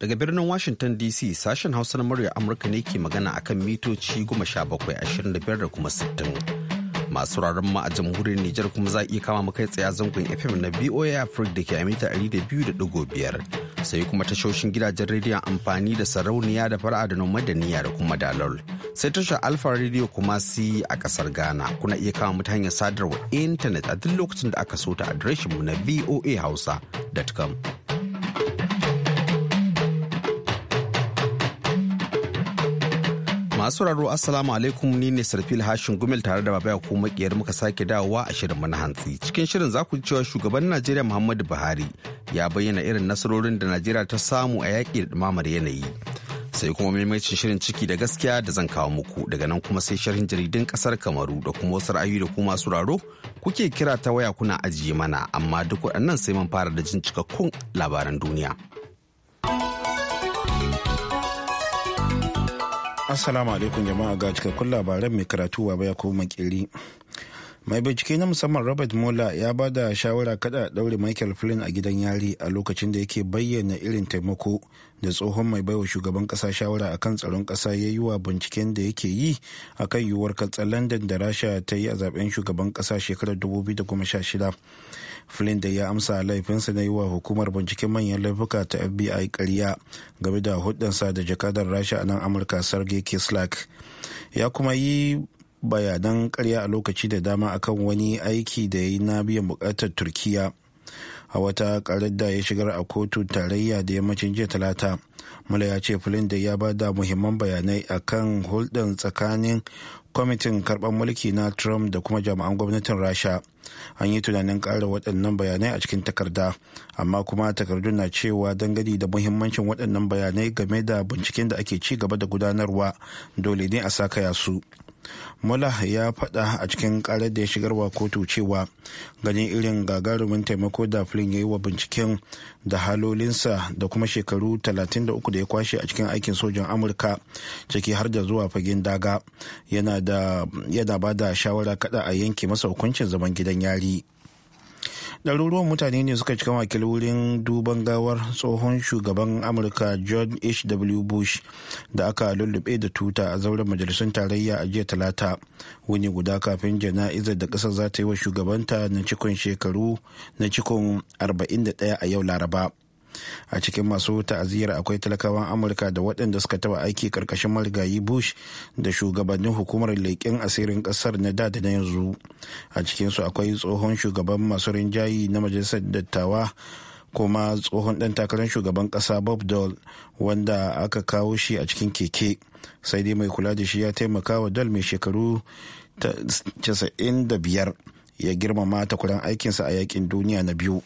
Daga birnin Washington DC sashen Hausa na murya Amurka ne ke magana akan mitoci 1725 da kuma sittin Masu raron ma a jamhuriyar Nijar kuma za iya kama kai tsaye zangon FM na BOA Africa da ke a mita biyar Sai kuma tashoshin gidajen rediyon amfani da sarauniya da fara'a da noma da niyya da kuma dalol. Sai tashar Alfa Radio kuma si a kasar Ghana kuna iya kama mu ta hanyar sadarwa intanet a duk lokacin da aka so ta adireshinmu na voahausa.com. Masu sauraro Assalamu alaikum ni ne Sarfil Hashin Gumel tare da Babaya ko makiyar muka sake dawowa a shirin mana hantsi. Cikin shirin za ku cewa shugaban Najeriya Muhammadu Buhari ya bayyana irin nasarorin da Najeriya ta samu a yaƙi da ɗumamar yanayi. Sai kuma maimacin shirin ciki da gaskiya da zan kawo muku daga nan kuma sai sharhin jaridun kasar Kamaru da kuma wasu ra'ayi da kuma sauraro kuke kira ta waya kuna ajiye mana amma duk waɗannan sai mun fara da jin cikakkun labaran duniya. Assalamu alaikum jama'a ga cikakkun labaran mai karatu wa baya ko makiri Mai bincike na musamman Robert Mueller ya ba da shawara kada daure Michael Flynn a gidan yari a lokacin da yake bayyana irin taimako da tsohon mai baiwa shugaban kasa shawara akan tsaron kasa ya yi wa binciken da yake yi a kan yiwuwar katsa London da Rasha ta yi a zaben shugaban kasa shekarar 2016. flynn da ya amsa laifinsa na yi wa hukumar binciken manyan laifuka ta fbi karya game da hudansa da jakadar rasha a nan amurka sergei kislak ya kuma yi bayanan karya a lokaci da dama akan wani aiki da ya yi na biyan bukatar turkiya a wata karar da ya shigar a kotu tarayya da yammacin jiya talata mula ya ce da ya ba da muhimman bayanai a kan hulɗin tsakanin kwamitin karɓar mulki na trump da kuma jami'an gwamnatin rasha an yi tunanin ƙara waɗannan bayanai a cikin takarda amma kuma takardun na cewa dangane da muhimmancin waɗannan bayanai game da binciken da ake ci gaba da gudanarwa dole ne a sakaya su. Mullah ya faɗa a cikin ƙarar da ya shigarwa kotu cewa ganin irin gagarumin taimako da Flynn ya yi wa binciken da halolinsa da kuma shekaru 33 da ya kwashe a cikin aikin sojan Amurka ciki har da zuwa fagen daga yana ba da shawara kada a yanke masa hukuncin zaman gidan yari. ɗaruruwan mutane ne suka cika wakil wurin duban gawar tsohon shugaban amurka john h.w bush da aka lullube da tuta a zauren majalisun tarayya a jiya talata wuni guda kafin jana'izar da ƙasar za ta yi wa shugabanta na cikon shekaru na cikon 41 a yau laraba a cikin masu ta'aziyar akwai talakawan amurka da waɗanda suka taɓa aiki ƙarƙashin marigayi bush da shugabannin hukumar leƙen asirin ƙasar na da da na yanzu a cikinsu akwai tsohon shugaban masu rinjayi na majalisar dattawa kuma tsohon ɗan takarar shugaban ƙasa bob dole wanda aka kawo shi a cikin keke sai dai mai kula da shi ya taimaka wa dole mai shekaru 95 ya girmama takwaran aikinsa a yakin duniya na biyu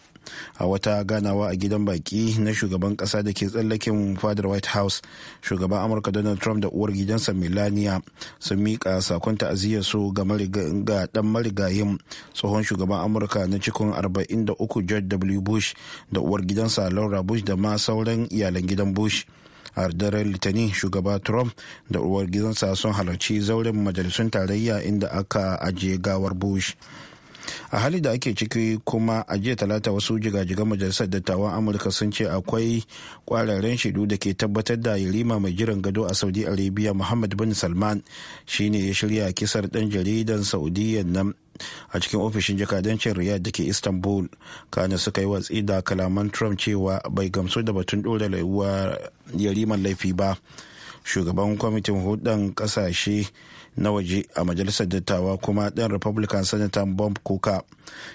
a wata ganawa a gidan baki na shugaban kasa da ke tsallaken fadar white house shugaban amurka donald trump da uwar gidansa melania sun miƙa sakon ta'aziyya su ga dan marigayin tsohon shugaban amurka na cikin 43 george w bush da uwar gidansa laura bush da ma sauran iyalan gidan bush a daren litani shugaba trump da uwar gidansa sun halarci zauren majalisun tarayya inda aka ajiye gawar bush a hali da ake ciki kuma a jiya talata wasu jigajigan majalisar dattawan amurka sun ce akwai kwararren shaidu da ke tabbatar da yarima mai jiran gado a saudi arabia muhammad bin salman shine ya shirya kisar dan jaridan saudiya nan a cikin ofishin jakadancin riyad da ke istanbul kana suka yi watsi da kalaman trump cewa bai gamsu da batun dora yariman laifi ba shugaban kwamitin hudan kasashe na waje a majalisar dattawa kuma ɗan republican senator bob kuka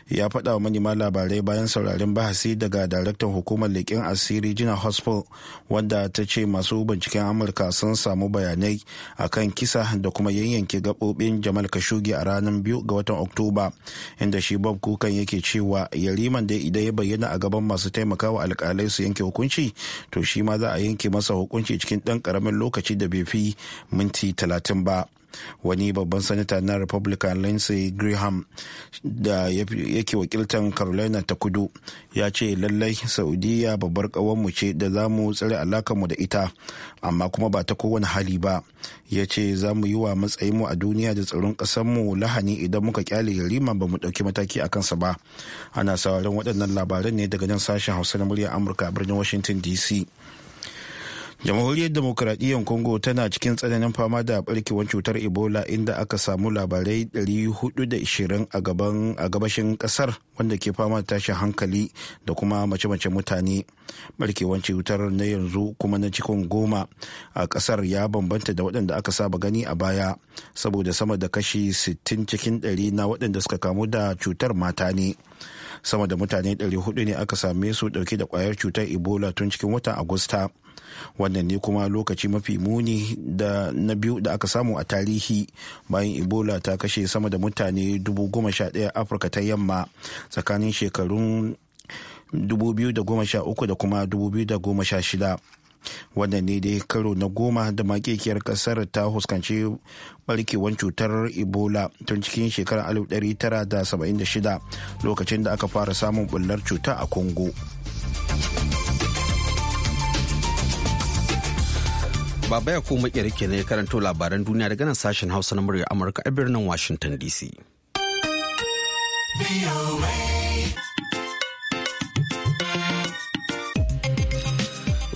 ya faɗa wa manema labarai bayan sauraren bahasi daga daraktan hukumar leƙen asiri jina hospital wanda ta ce masu binciken amurka sun samu bayanai akan kisa da kuma yanyanke gaɓoɓin jamal kashugi a ranar biyu ga watan oktoba inda shi bob kukan yake cewa yariman da idan ya bayyana a gaban masu taimakawa alkalai su yanke hukunci to shi ma za a yanke masa hukunci cikin ɗan ƙaramin lokaci da bai fi minti talatin ba. wani babban sanata na republican lindsey graham da yake wakiltar carolina ta kudu ya ce lallai saudiya babbar mu ce da za mu tsare alakanmu da ita amma kuma ba ta kowane hali ba ya ce za mu yi wa matsayinmu a duniya da tsaron ƙasarmu lahani idan muka kyale yarima ba mu ɗauki mataki a kansa ba ana sauraron waɗannan labaran ne daga nan sashen hausa na murya amurka a birnin washington dc jamhuriyar demokuraɗiyyar congo tana cikin tsananin fama da barkewar cutar ebola inda aka samu labarai 420 a gabashin ƙasar wanda ke fama da tashin hankali da kuma mace-mace mutane barkewar cutar na yanzu kuma na cikin goma a kasar ya bambanta da waɗanda aka saba gani a baya saboda sama da kashi 60 cikin 100 na waɗanda suka kamu da cutar mata ne sama da mutane 400 ne aka same su ɗauke da kwayar cutar ebola tun cikin watan agusta wannan ne kuma lokaci mafi muni da na biyu da aka samu a tarihi bayan ebola ta kashe sama da mutane 11,000 afirka ta yamma tsakanin shekarun 2013 da kuma 2016 wannan ne dai karo na goma da makekiyar kasar ta huskanci barkewar cutar ebola tun cikin shekarar 1976 lokacin da aka fara samun bullar cuta a congo Baba ya kuma kirke ne karanto labaran duniya daga nan sashen Hausa na murya Amurka a birnin Washington DC.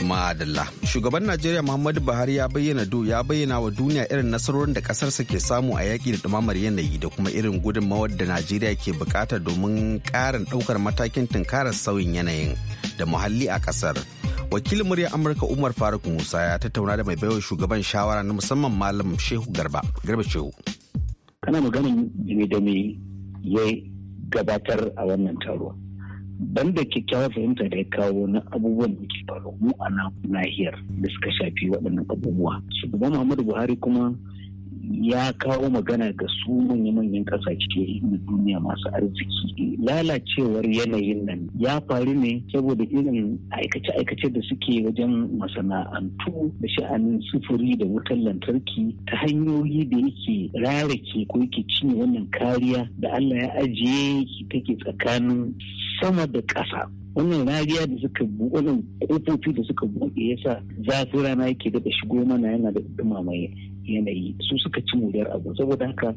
Madalla. Shugaban Najeriya Muhammadu Buhari ya bayyana do ya bayyana wa duniya irin nasarorin da kasarsa ke samu a yaƙi da ɗumamar yanayi da kuma irin gudunmawar da Najeriya ke bukata domin ƙarin ɗaukar matakin tunkarar sauyin yanayin da muhalli a ƙasar. wakilin murya amurka umar faruk musa ya tattauna da mai baiwa shugaban shawara na musamman malam shehu garba garba shehu kana maganin me da mai ya gabatar a wannan taro banda kyakkyawar fahimta da ya kawo na abubuwan da ke faru mu a nahiyar da suka shafi waɗannan abubuwa shugaban muhammadu buhari kuma ya kawo magana ga su manya-manyan kasashe na duniya masu arziki lalacewar yanayin nan ya faru ne saboda irin aikace-aikace da suke wajen masana'antu da sha'anin sufuri da wutar lantarki ta hanyoyi da yake rarake ko yake cinye wannan kariya da allah ya ajiye take tsakanin sama da ƙasa wannan rariya da suka wannan kofofi da suka buɗe yasa zafin rana yake daɗa shigo mana yana da mamaye yanayi su suka ci moriyar abu saboda haka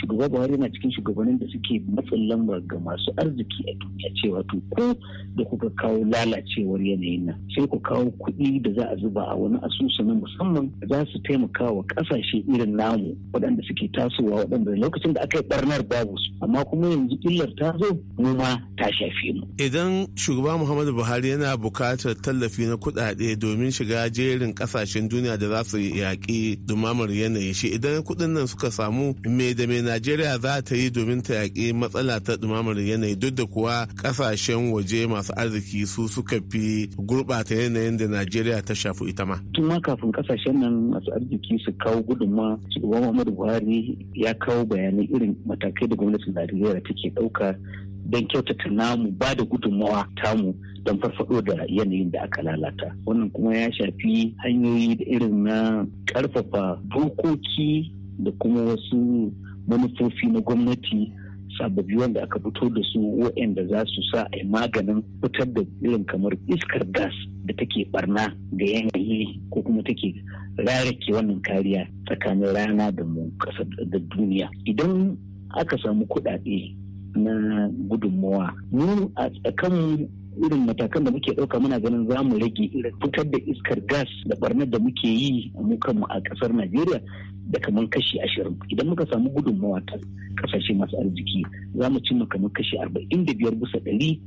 shugaba buhari yana cikin shugabannin da suke matsin lamba ga masu arziki a duniya cewa to ko da kuka kawo lalacewar yanayin nan sai ku kawo kuɗi da za a zuba a wani asusu na musamman za su taimaka wa ƙasashe irin namu waɗanda suke tasowa waɗanda lokacin da aka yi ɓarnar babu su amma kuma yanzu illar ta zo mu ma ta shafe mu. idan shugaba muhammadu buhari yana bukatar tallafi na kuɗaɗe domin shiga jerin ƙasashen duniya da za su yaƙi dumama al'amur yanayi shi idan kuɗin nan suka samu me da me najeriya za ta yi domin ta yaƙi matsala ta dumamar yanayi duk da kuwa ƙasashen waje masu arziki su suka fi gurɓata yanayin da najeriya ta shafi ita ma. tun ma kafin kasashen nan masu arziki su kawo gudunma shugaban muhammadu buhari ya kawo bayanai irin matakai da gwamnatin najeriya take ɗauka don kyautata namu ba da gudunmawa tamu don farfado da yanayin da aka lalata wannan kuma ya shafi hanyoyi da irin na karfafa dokoki da kuma wasu manufofi na gwamnati sababbi wanda aka fito da su waɗanda za su sa a maganin fitar da irin kamar iskar gas da take barna ga yanayi ko kuma take rarake wannan kariya tsakanin rana da mu kasa da duniya idan aka samu kuɗaɗe na gudunmowa mu a kan irin matakan da muke ɗauka muna ganin za mu rage irin fitar da iskar gas da barnar da muke yi mu kanmu a ƙasar najeriya da kamar kashi ashirin idan muka samu gudunmowa ta ƙasashe masu arziki za mu cimma kamar kashi arba'in da biyar bisa ɗari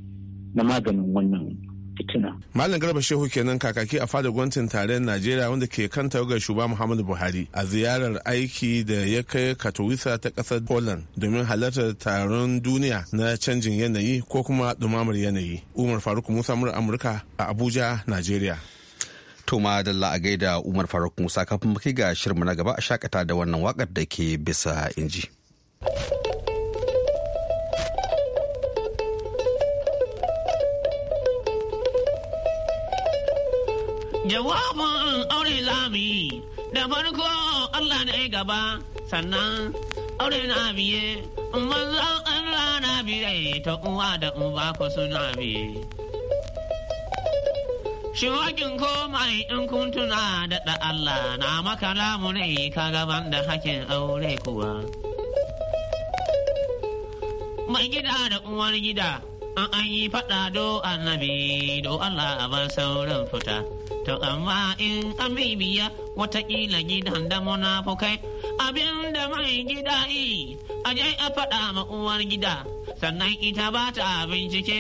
na maganin wannan fitina. Malam Garba Shehu kenan kakaki a fadar gwamnatin tarayyar Najeriya wanda ke kan ga Shuba Muhammadu Buhari a ziyarar aiki da ya kai Katowice ta kasar Poland domin halartar taron duniya na canjin yanayi ko kuma dumamar yanayi. Umar Faruk Musa mura Amurka a Abuja, Najeriya. To ma dalla a gaida Umar Faruk Musa kafin muke ga shirma na gaba a shakata da wannan wakar da ke bisa inji. Jawabin aure za yi, da farko Allah na gaba, sannan aure na biye, mazan an na biye ta uwa da uba ku suna biye. Shiwakin komai in kun tuna da Allah na makara lamu ka gaban da hakin aure kuwa. Mai gida da uwar gida. an an yi faɗa do annabi do Allah a bar sauran fita. To amma in an bibiya watakila gidan da munafukai abin da mai gida yi a a faɗa ma uwar gida sannan ita ba ta bincike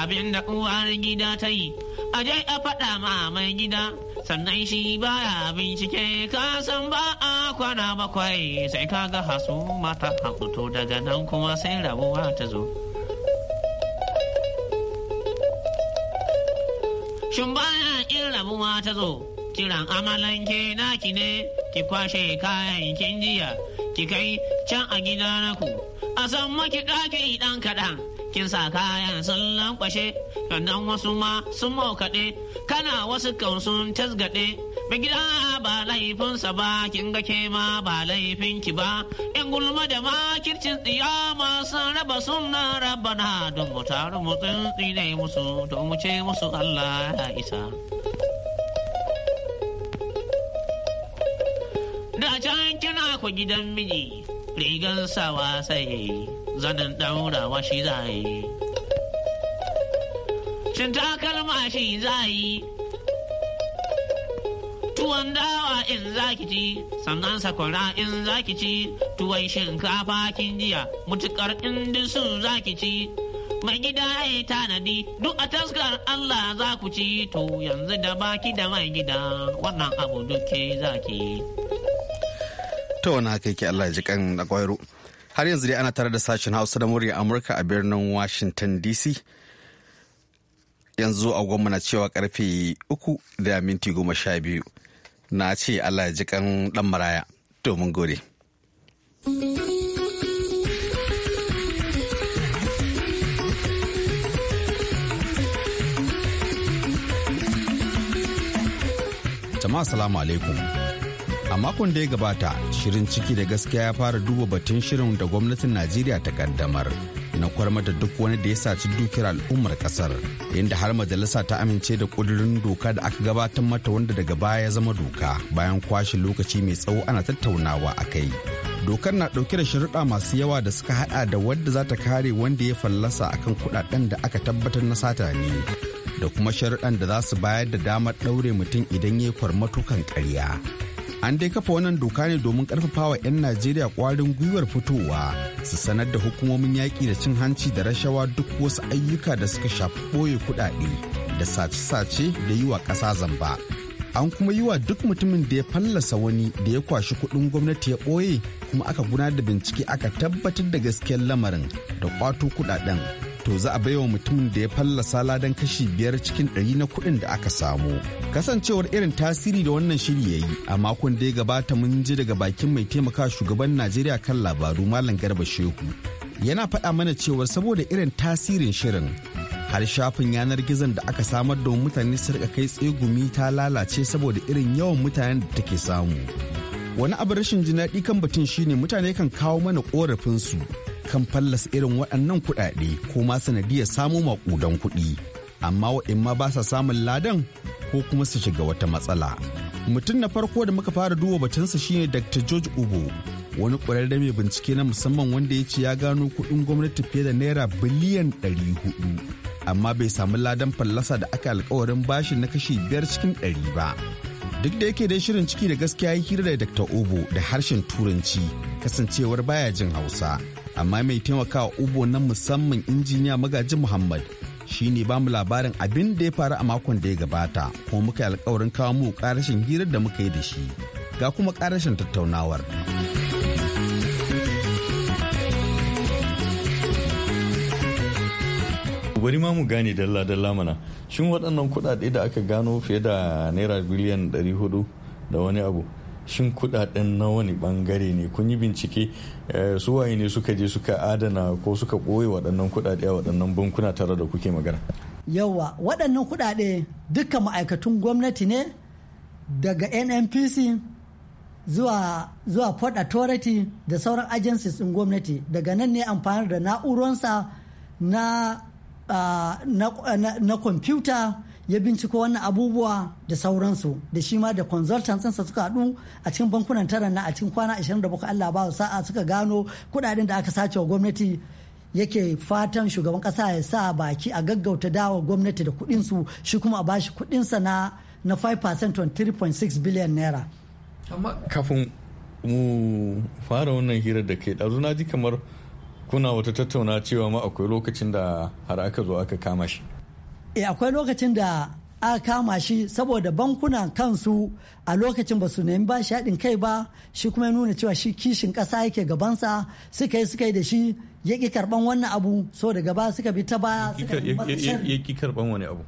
abin da uwar gida ta yi a a faɗa ma mai gida sannan shi baya bincike ka san ba a kwana bakwai sai ka ga hasu mata hakuto daga nan kuma sai rabuwa ta zo. Shin bayan in rabuwa ta zo, kiran amalanke naki ne, ki kwashe kayan kin jiya, ki kai can a gida naku, a san maki ɗaki ɗan kaɗan. kin sa kayan sun lankwashe sannan wasu ma sun maukaɗe kana wasu kan sun tasgaɗe gida ba laifinsa ba kin ga ke ma ba laifinki ba in gulma da makircin tsiyama masu raba sunan rabana don mu taru mu musu don mu ce musu Allah ya isa. Da can kina ku gidan miji rigan sawa sai zanen ɗaurawa shi za yi cin takalma shi za yi tuwon dawa in zaki ci sannan sakwara in zaki ci tuwon shinkafa kin jiya mutukar in sun zaki ci mai gida ya tanadi duk a taskar Allah za ku ci to yanzu da baki da mai gida wannan abu duke zaki. Ta na kai ki Allah ji kan har yanzu dai ana tare da sashen hausa da murya amurka a birnin washington dc yanzu a na cewa karfe uku da minti goma sha biyu na ce allah ya ji dan maraya domin gode. jama'a salamu alaikum A makon da ya gabata, shirin ciki da gaskiya ya fara duba batun shirin da gwamnatin Najeriya ta kaddamar na kwarmata duk wani da ya saci dukiyar al'ummar kasar, inda har majalisa ta amince da kudurin doka da aka gabatar mata wanda daga baya ya zama doka bayan kwashe lokaci mai tsawo ana tattaunawa a kai. Dokar na ɗauke da sharuɗa masu yawa da suka haɗa da wadda za ta kare wanda ya fallasa akan kuɗaɗen da aka tabbatar na sata ne. da kuma sharuɗan da za su bayar da damar ɗaure mutum idan ya yi kwarmatukan ƙarya. an dai kafa wannan doka ne domin karfafawa 'yan najeriya kwarin gwiwar fitowa su sanar da hukumomin yaƙi da cin hanci da rashawa duk wasu ayyuka da suka shafi ɓoye kuɗaɗe da sace-sace da yi wa ƙasa zamba an kuma yi wa duk mutumin da ya fallasa wani da ya kwashi kuɗin gwamnati ya ɓoye kuma aka gudanar da bincike aka tabbatar da gaskiyar lamarin da kwato kuɗaɗen to za a baiwa mutumin da ya fallasa ladan kashi biyar cikin ɗari na kuɗin da aka samu. Kasancewar irin tasiri da wannan shiri ya yi a makon da ya gabata mun ji daga bakin mai taimaka shugaban Najeriya kan labaru Malam Garba Shehu. Yana faɗa mana cewa saboda irin tasirin shirin har shafin yanar gizon da aka samar da mutane su kai tsegumi ta lalace saboda irin yawan mutanen da take samu. Wani abu rashin jinaɗi kan batun shine mutane kan kawo mana su. kan fallas irin waɗannan kuɗaɗe ko ma sanadiyar samo maƙudan kuɗi amma waɗannan ba sa samun ladan ko kuma su shiga wata matsala. Mutum na farko da muka fara duba batunsa shine Dr. George Ubo, wani ƙwararre mai bincike na musamman wanda ya ce ya gano kuɗin gwamnati fiye da naira biliyan ɗari huɗu Amma bai samu ladan fallasa da aka alkawarin bashi na kashi biyar cikin ɗari ba. Duk da yake dai shirin ciki da gaskiya ya hira da Dr. Obo da harshen Turanci kasancewar baya jin Hausa. amma mai taimakawa ubo na musamman injiniya magaji muhammad shine ba mu labarin abin da ya faru a makon da ya gabata ko muka yi alkawarin kawo mu karashin hirar da muka yi da shi ga kuma karashin tattaunawar bari ma mu gane dalla-dalla mana shin waɗannan kuɗaɗe da aka gano fiye da naira biliyan 400 da wani abu shin kudaden na wani bangare ne kun yi bincike eh, su waye ne suka je suka adana ko suka koye waɗannan kudade a waɗannan bankuna tare da kuke magana yawa waɗannan kudade dukkan ma'aikatun gwamnati ne daga nnpc zuwa zuwa port authority da sauran agencies ɗin gwamnati daga nan ne amfani da na'uransa na ah, na kwamfuta ya binciko wannan abubuwa da sauransu da shi ma da consultants sa suka hadu a cikin bankunan taran na a cikin kwana 27 Allah ba sa'a suka gano kudaden da aka sace wa gwamnati yake fatan shugaban kasa ya sa baki a gaggauta dawo gwamnati da su shi kuma a bashi kuɗinsa na na 5% on 3.6 billion naira. amma kafin mu fara wannan hirar da kai ɗazu na ji kamar kuna wata tattauna cewa ma akwai lokacin da har aka zo aka kama shi. e akwai lokacin da aka kama shi saboda bankuna kansu a lokacin ba su nemi ba shi haɗin kai ba shi kuma nuna cewa shi kishin ƙasa yake gabansa suka yi suka yi da shi ya ƙi karɓan wannan abu so daga gaba suka bi ta baya ya ƙi karɓan wani abu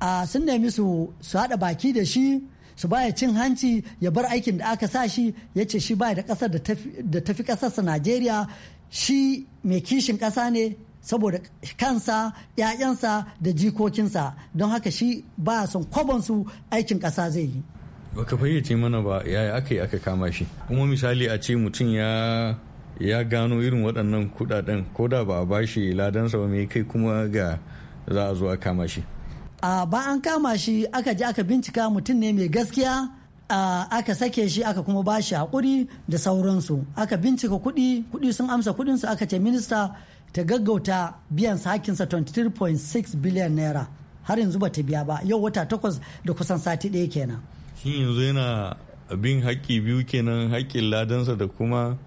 a sun nemi su su haɗa baki da shi su baya cin hanci ya bar aikin da aka sa shi ya ce shi baya da ƙasar da tafi ƙasarsa najeriya shi mai kishin ƙasa ne saboda kansa ‘ya'yansa da jikokinsa don haka shi ba son kwabonsu aikin ƙasa zai yi baka fayyace mana ba yaya aka yi aka kama shi kuma misali a ce mutum ya ya gano irin waɗannan kuɗaɗen ko da ba a bashi ladansa ba mai kai kuma ga za a zo a kama shi a ba an kama shi aka ji aka bincika mutum ne mai gaskiya aka sake shi aka kuma bashi shi haƙuri da sauransu aka bincika kudi kudi sun amsa kuɗinsu aka ce minista ta gaggauta biyan hakinsa 23.6 biliyan naira har yanzu ba ta biya ba yau wata takwas da kusan sati ɗaya kenan. Shin yanzu yana bin haƙƙi biyu kenan haƙƙin ladansa da kuma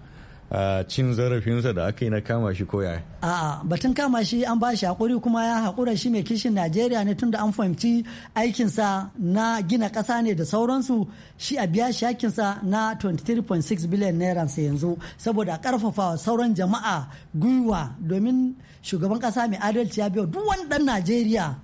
A cin zarafinsa da aka yi na kama shi yaya. a'a batun kama shi an ba shi hakuri kuma ya hakura shi mai kishin najeriya ne tunda an fahimci aikinsa na gina ƙasa ne da sauransu shi a biya shi hakinsa na 23.6 biliyan naira yanzu saboda a karfafa sauran jama'a gwiwa domin shugaban ƙasa mai adalci ya biya duk wani ɗan najeriya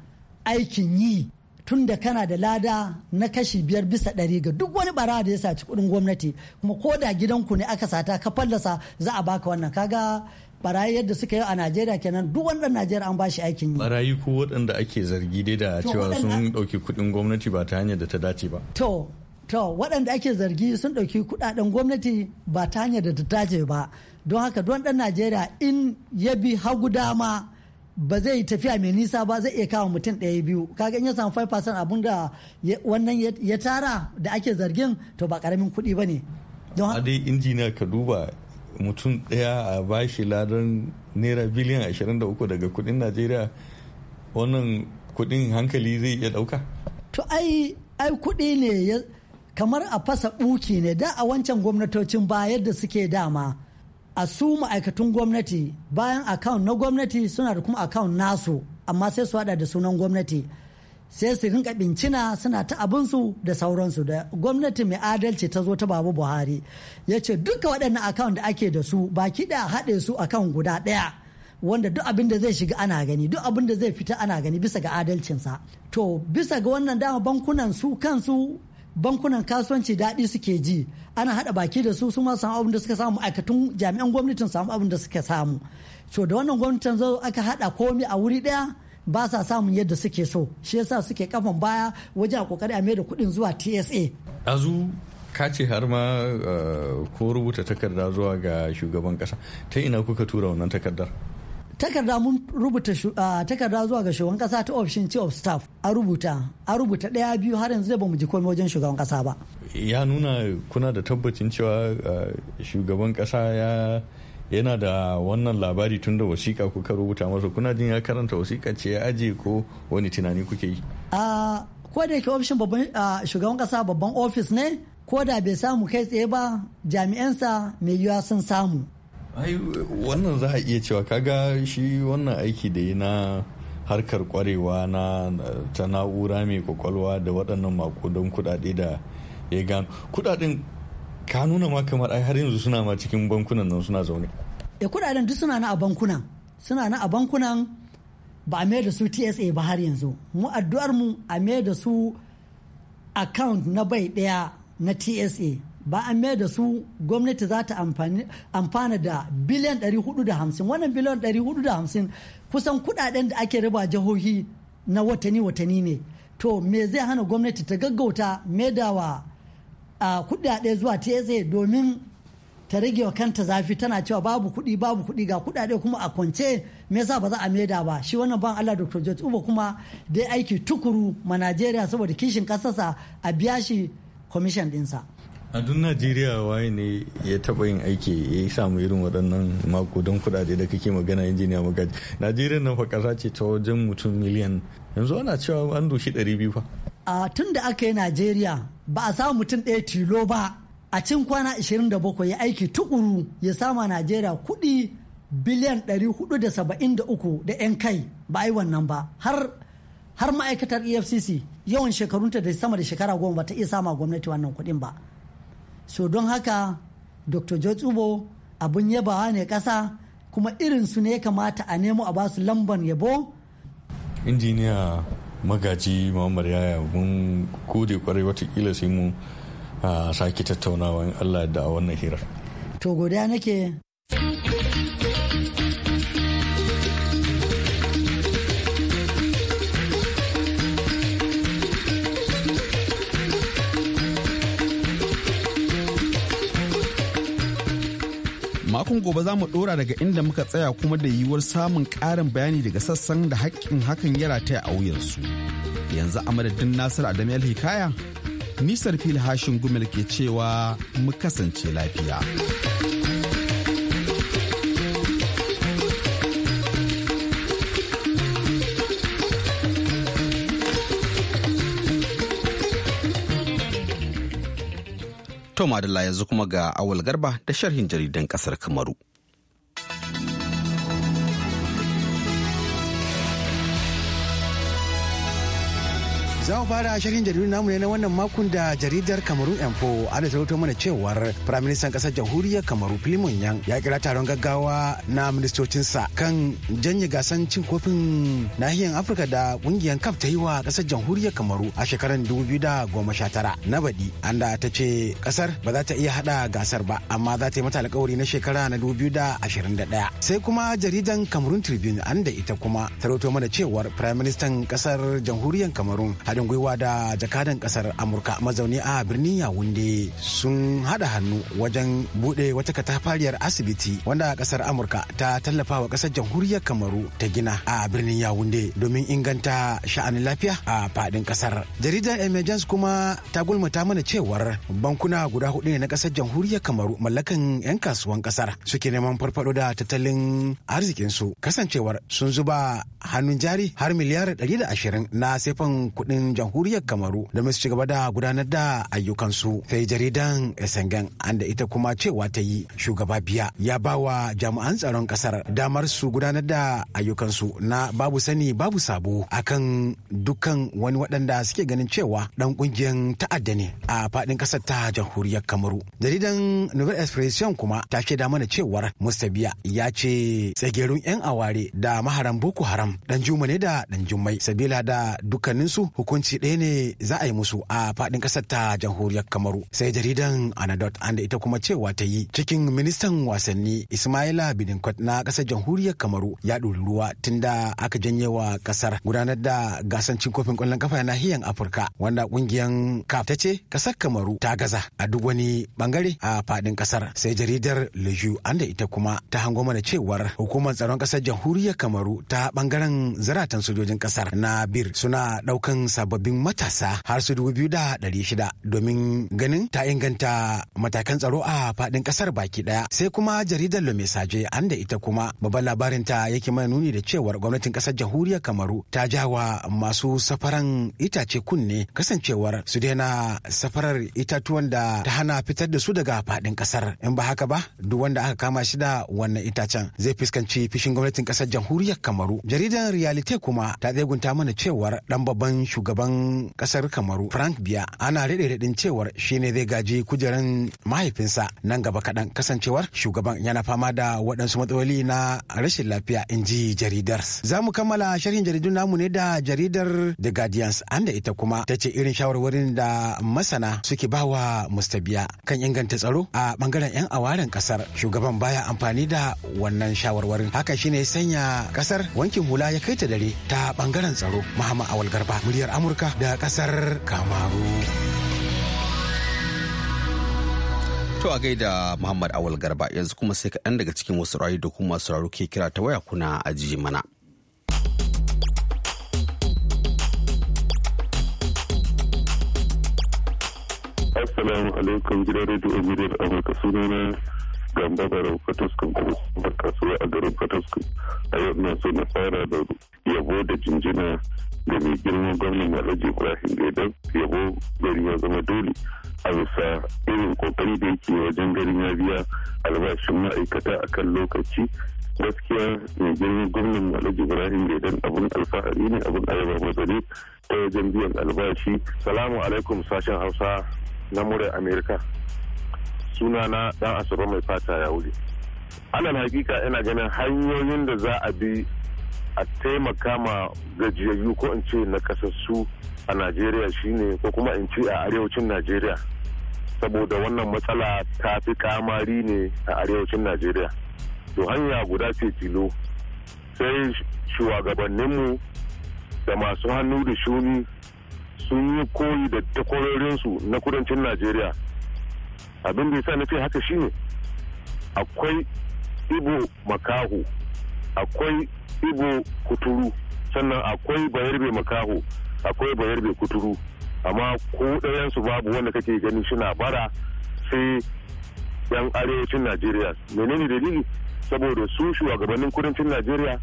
aikin yi tun da kana da lada na kashi biyar bisa ɗari ga duk wani bara da ya saci kuɗin gwamnati kuma ko da gidanku ne aka sata ka fallasa za a baka wannan kaga barayi yadda suka yi a najeriya kenan duk wanda najeriya an bashi aikin yi barayi ko waɗanda ake zargi dai da cewa sun ɗauki kuɗin gwamnati ba ta hanyar da ta dace ba to to waɗanda ake zargi sun ɗauki kuɗaɗen gwamnati ba ta hanyar da ta dace ba don haka don ɗan najeriya in ya bi hagu dama ba zai tafiya mai nisa ba zai iya kawo mutum ɗaya biyu kaga in ya samu 5% abun da wannan ya tara da ake zargin to ba karamin kuɗi ba ne a dai injiniya ka duba mutum ɗaya a bashi ladan naira biliyan 23 daga kuɗin najeriya wannan kuɗin hankali zai iya ɗauka to ai ai kuɗi ne kamar a fasa ɓuki ne da a wancan gwamnatocin ba yadda suke dama a su ma'aikatun gwamnati bayan account na gwamnati suna da kuma account nasu amma sai su hada da sunan gwamnati sai su rinka bincina suna ta abinsu da sauransu da gwamnati mai adalci ta zo ta babu buhari ya ce duka waɗannan account da ake da su baki da haɗe su akan guda ɗaya wanda duk abin da zai shiga ana gani duk abin da zai fita ana gani bisa ga adalcinsa to bisa ga wannan dama bankunan su kansu bankunan kasuwanci daɗi suke ji ana haɗa baki da su su ma samu abin da suka samu aikatun jami'an gwamnatin samu abin da suka samu to da wannan gwamnatin zo aka haɗa komi a wuri ɗaya ba sa samun yadda suke so shi yasa suke kafan baya wajen a kokari a mai da kuɗin zuwa tsa azu ka ce har ma eh, ko rubuta takarda zuwa ga shugaban kasa ta ina kuka tura wannan takardar takarda mun rubuta takarda zuwa ga shugaban kasa ta ofishin chief of staff a rubuta a rubuta daya biyu har yanzu ba mu ji komai wajen shugaban kasa ba ya nuna kuna da tabbacin cewa shugaban kasa ya yana da wannan labari tun da wasiƙa kuka rubuta masa kuna jin ya karanta wasiƙa ce ya aje ko wani tunani kuke yi a ko da yake ofishin babban shugaban kasa babban ofis ne ko da bai samu kai tsaye ba jami'ansa mai yiwuwa sun samu ai wannan za a iya cewa kaga shi wannan aiki da yi na harkar kwarewa na ta na'ura mai kwakwalwa da waɗannan makudan kudade da ya gano kudaden ka nuna ma kamar ai har yanzu suna ma cikin bankunan nan suna zaune da eh, kudaden duk suna na a bankunan suna na a bankunan ba a da su tsa ba har yanzu mu addu'ar mu a da su account na bai daya na tsa ba an mai da su gwamnati za ta amfana da biliyan 450 wannan biliyan 450 kusan kudaden da ake riba jihohi na watanni-watanni ne to me zai hana gwamnati ta gaggauta da a kudade zuwa tsa domin ta rage wa kanta zafi tana cewa babu kuɗi babu kuɗi ga kuɗaɗe kuma a kwance me yasa ba za a maida ba shi wannan ban Allah Dr. George Uba kuma dai aiki tukuru ma Najeriya saboda kishin kasarsa a biya shi kwamishin sa. a duk najeriya waye ne ya taba yin aiki ya yi samu irin waɗannan mako don kudaje da kake magana injiniya magaji najeriya nan fa ƙasa ce ta wajen mutum miliyan yanzu ana cewa an doshi ɗari biyu fa a tun da aka yi najeriya ba a samu mutum ɗaya tilo ba a cin kwana 27 ya aiki tukuru ya sama najeriya kuɗi biliyan 473 da 'yan kai ba a yi wannan ba har har ma'aikatar efcc yawan shekarunta da sama da shekara goma ba ta iya sama gwamnati wannan kuɗin ba so don haka dr george ubo abin yabawa ne ƙasa kuma irin su ne kamata a nemo a basu lamban yabo injiniya magaji muhammad yaya mun gode kwarai watakila sai mu ah, sake tattaunawa in allah da wannan hirar to godiya nake makon gobe za mu dora daga inda muka tsaya kuma da yiwuwar samun ƙarin bayani daga sassan da haƙƙin hakan ya rataya a wuyansu yanzu a madadin nasir adam hikaya nisar fil hashin gumel ke cewa mu kasance lafiya. To madalla yanzu kuma ga awal garba da sharhin jaridan kasar Kamaru. Za mu fara shirin jaridun namu ne na wannan makon da jaridar Kamaru Info ana sarauta mana cewar Firaministan ƙasar jamhuriyar Kamaru Filimon yan. ya kira taron gaggawa na ministocinsa kan janye gasan cin kofin nahiyar Afirka da ƙungiyar kaf ta yi wa ƙasar jamhuriyar Kamaru a shekarar tara. na baɗi an da ta ce ƙasar ba za ta iya haɗa gasar ba amma za ta yi mata alƙawari na shekara na 2021. Sai kuma jaridan Kamarun Tribune an da ita kuma sarauta mana cewar Firaministan ƙasar jamhuriyar Kamarun haɗin gwiwa da jakadan ƙasar amurka mazauni a birnin yawunde sun haɗa hannu wajen buɗe wata katafariyar asibiti wanda ƙasar amurka ta tallafa wa ƙasar jamhuriyar kamaru ta gina a birnin yawunde domin inganta sha'anin lafiya a faɗin ƙasar jaridar emergence kuma ta gulmata mana cewar bankuna guda hudu ne na ƙasar jamhuriyar kamaru mallakan 'yan kasuwan ƙasar suke neman farfaɗo da tattalin arzikinsu kasancewar sun zuba hannun jari har miliyar 120 na sefan kuɗin gwamnatin jamhuriyar kamaru da su ci gaba da gudanar da ayyukansu sai jaridan esengen an da ita kuma cewa ta yi shugaba biya ya ba wa jami'an tsaron kasar damar su gudanar da ayyukansu na babu sani babu sabo akan dukkan wani waɗanda suke ganin cewa dan kungiyar ta'adda ne a faɗin ƙasar ta jamhuriyar kamaru jaridan nouvelle expression kuma ta ce da mana cewar mustabiya ya ce tsagerun 'yan aware da maharan boko haram dan juma ne da dan jummai sabila da dukkaninsu hukumar hukunci ɗaya ne za a yi musu a faɗin ƙasar ta jamhuriyar kamaru sai jaridan anadot anda ita kuma cewa ta yi cikin ministan wasanni ismaila bidinkwat na ƙasar jamhuriyar kamaru ya ɗori ruwa tun da aka janye wa ƙasar gudanar da gasancin kofin ƙwallon kafa na nahiyar afirka wanda ƙungiyar kaf ta ce ƙasar kamaru ta gaza a duk wani bangare a faɗin ƙasar sai jaridar leju anda ita kuma ta hango mana cewar hukumar tsaron ƙasar jamhuriyar kamaru ta bangaren zaratan sojojin ƙasar na bir suna ɗaukan sa sababbin matasa har su dubu biyu da ɗari shida domin ganin ta inganta matakan tsaro a faɗin ƙasar baki ɗaya sai kuma jaridar lomisaje an da ita kuma babban labarinta yake mana nuni da cewar gwamnatin ƙasar jamhuriyar kamaru ta jawa masu safaran itace kunne kasancewar su daina safarar itatuwan da ta hana fitar da su daga faɗin ƙasar in ba haka ba duk wanda aka kama shi da wannan itacen zai fuskanci fishin gwamnatin ƙasar jamhuriyar kamaru jaridar realite kuma ta tsegunta mana cewar ɗan babban shugaban shugaban kasar kamaru frank biya ana rede daɗin cewar shine zai gaji kujeran mahaifinsa nan gaba kaɗan kasancewar shugaban yana fama da waɗansu matsaloli na rashin lafiya in ji jaridar za mu kammala sharhin jaridun namu ne da jaridar the guardians an da ita kuma ta ce irin shawarwarin da masana suke ba wa Biya kan inganta tsaro a bangaren 'yan awaren kasar shugaban baya amfani da wannan shawarwarin haka shine sanya kasar wankin hula ya kai ta dare ta bangaren tsaro muhammad awal garba muryar amurka da kasar kamaru To a gaida Muhammad Awal Garba yanzu kuma sai kaɗan daga cikin wasu rayu da kuma sauraro ke kira ta waya kuna ajiye mana. Assalamu alaikum gidan a gidan Amurka sunana Gamba Barau Fataskun kuma kasuwa a garin Fataskun. A yau na so na fara da yabo da jinjina da mai girman gwamnan alhaji ibrahim gaidan yabo gari ya zama dole a bisa irin kokari da yake wajen garin ya biya albashin ma'aikata a kan lokaci gaskiya mai girman gwamnan alhaji ibrahim gaidan abun alfahari ne abun ayaba mazari ta wajen biyan albashi salamu alaikum sashen hausa na murai amerika suna na dan asabe mai fata ya wuce alal hakika ina ganin hanyoyin da za a bi a taimaka ma gajiyayyu ko in ce na kasassu a najeriya shine ko kuma in ce a arewacin najeriya saboda wannan matsala ta fi kamari ne a arewacin najeriya to hanya guda ce tilo sai shugabanninmu da masu hannu da shuni sun yi koyi da takwarorinsu na kudancin najeriya abin da ya na ce haka shine akwai ibo makahu akwai ibo kuturu sannan akwai bayarbe makaho akwai bayarbe kuturu amma ko ɗayansu babu wanda kake gani suna bara sai yan arewacin najeriya menene dalili saboda su shugabannin kudancin najeriya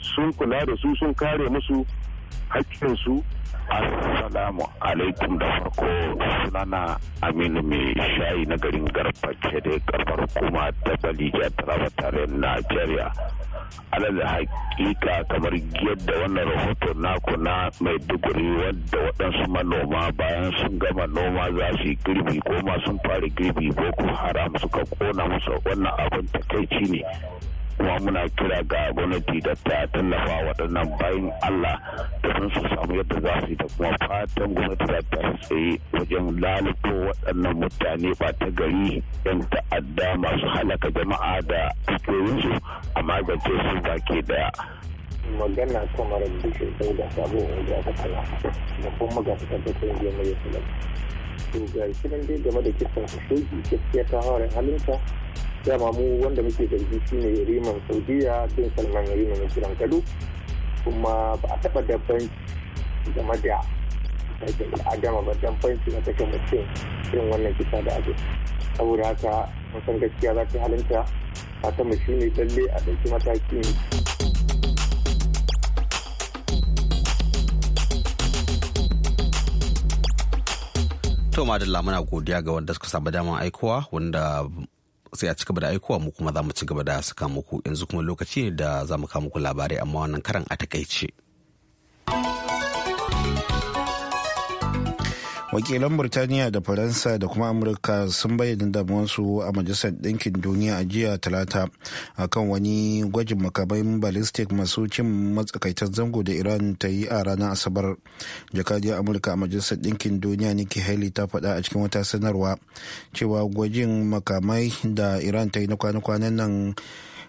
sun kula da su sun kare musu hakkinsu salamu alaikum da farko sunana Aminu mai shayi na garin garba ce da karfar kuma ta Balija Taraba tare Najeriya. da hakika kamar yadda wannan rahoto naku na maiduguri wadda waɗansu manoma bayan sun gama noma za su yi girbi ko masu fara girbi boko haram suka kona musu wannan abin takaici ne kuma muna kira ga gwamnati da ta tallafa waɗannan bayan Allah da sun su samu yadda za su yi da kuma fatan gwamnati za ta tsaye wajen lalato waɗannan mutane ba ta gari yan ta'adda masu halaka jama'a da dukiyoyinsu a magance su baki daya. magana ta mara bishe sai da sabo wanda aka kala da kuma ga ta tabbata yin gemu ya kula. to ga shi nan dai game da kisan shi shoki gaskiya ta hawarin halinsa ma mu wanda muke zargi shine riman saudiya bin salman riman na kiran kuma ba a taba dabban game da aikin adama ba dabbanci na take mutum irin wannan kisa da abu saboda haka musan gaskiya za ta halinta ta mu shine lalle a ɗauki mataki To madalla muna godiya ga wanda suka samu damar aikowa wanda sai a ci gaba da aikowa mu kuma za mu ci gaba da saka muku yanzu kuma lokaci ne da za mu kawo muku labarai amma wannan karan a takaice. wakilan burtaniya da faransa da kuma amurka sun bayyana damuwarsu a majalisar ɗinkin duniya a jiya talata a kan wani gwajin makamai ballistic masu cin matsakaitar zango da iran ta yi a ranar asabar jakadiyar amurka a majalisar ɗinkin duniya nikki haley ta faɗa a cikin wata sanarwa cewa gwajin makamai da iran ta yi na kwanan nan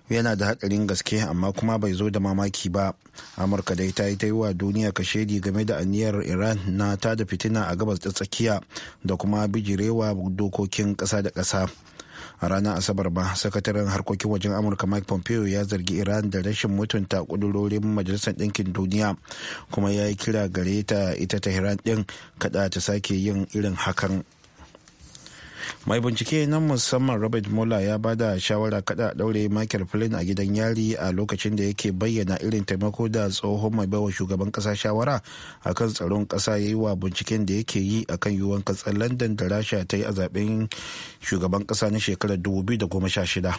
yana da hadarin gaske amma kuma bai zo da mamaki ba amurka dai ta yi ta yi wa duniya kashedi game da aniyar iran na ta da fitina a gabas da tsakiya da kuma bijirewa dokokin kasa da kasa a ranar asabar ba sakataren harkokin wajen amurka mike pompeo ya zargi iran da rashin mutunta kudurorin majalisar ɗinkin duniya kuma ya yi kira gare ta ita iran ɗin kada ta sake yin irin hakan mai bincike na musamman robert muller ya ba da shawara kada daure michael flynn a gidan yari a lokacin da yake bayyana irin taimako da tsohon mai baiwa shugaban kasa shawara a kan tsaron kasa ya yi wa binciken da yake yi a kan yiwuwan kasar london da rasha ta yi a zaben shugaban kasa na shekarar 2016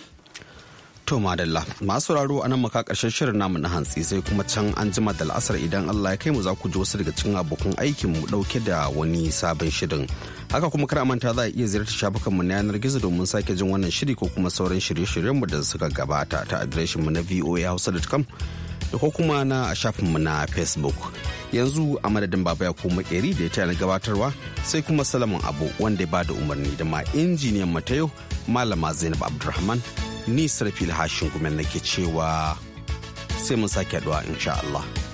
To madalla masu sauraro anan nan maka karshen shirin namu na hantsi sai kuma can an jima da la'asar idan Allah ya kai mu za ku ji wasu daga cikin abokan aikin mu dauke da wani sabon shirin. Haka kuma kar manta za a iya ziyartar shafukan mu na yanar gizo domin sake jin wannan shiri ko kuma sauran shirye-shiryen mu da suka gabata ta adireshin mu na voahausa.com da ko kuma na shafin mu na Facebook. Yanzu a madadin baba ya ko makeri da ya tayar gabatarwa sai kuma Salamun Abu wanda ya bada umarni da ma injiniyan matayo Malama Zainab Abdulrahman ni sarfil hashin gumen nake cewa sai mun sake haɗuwa insha Allah.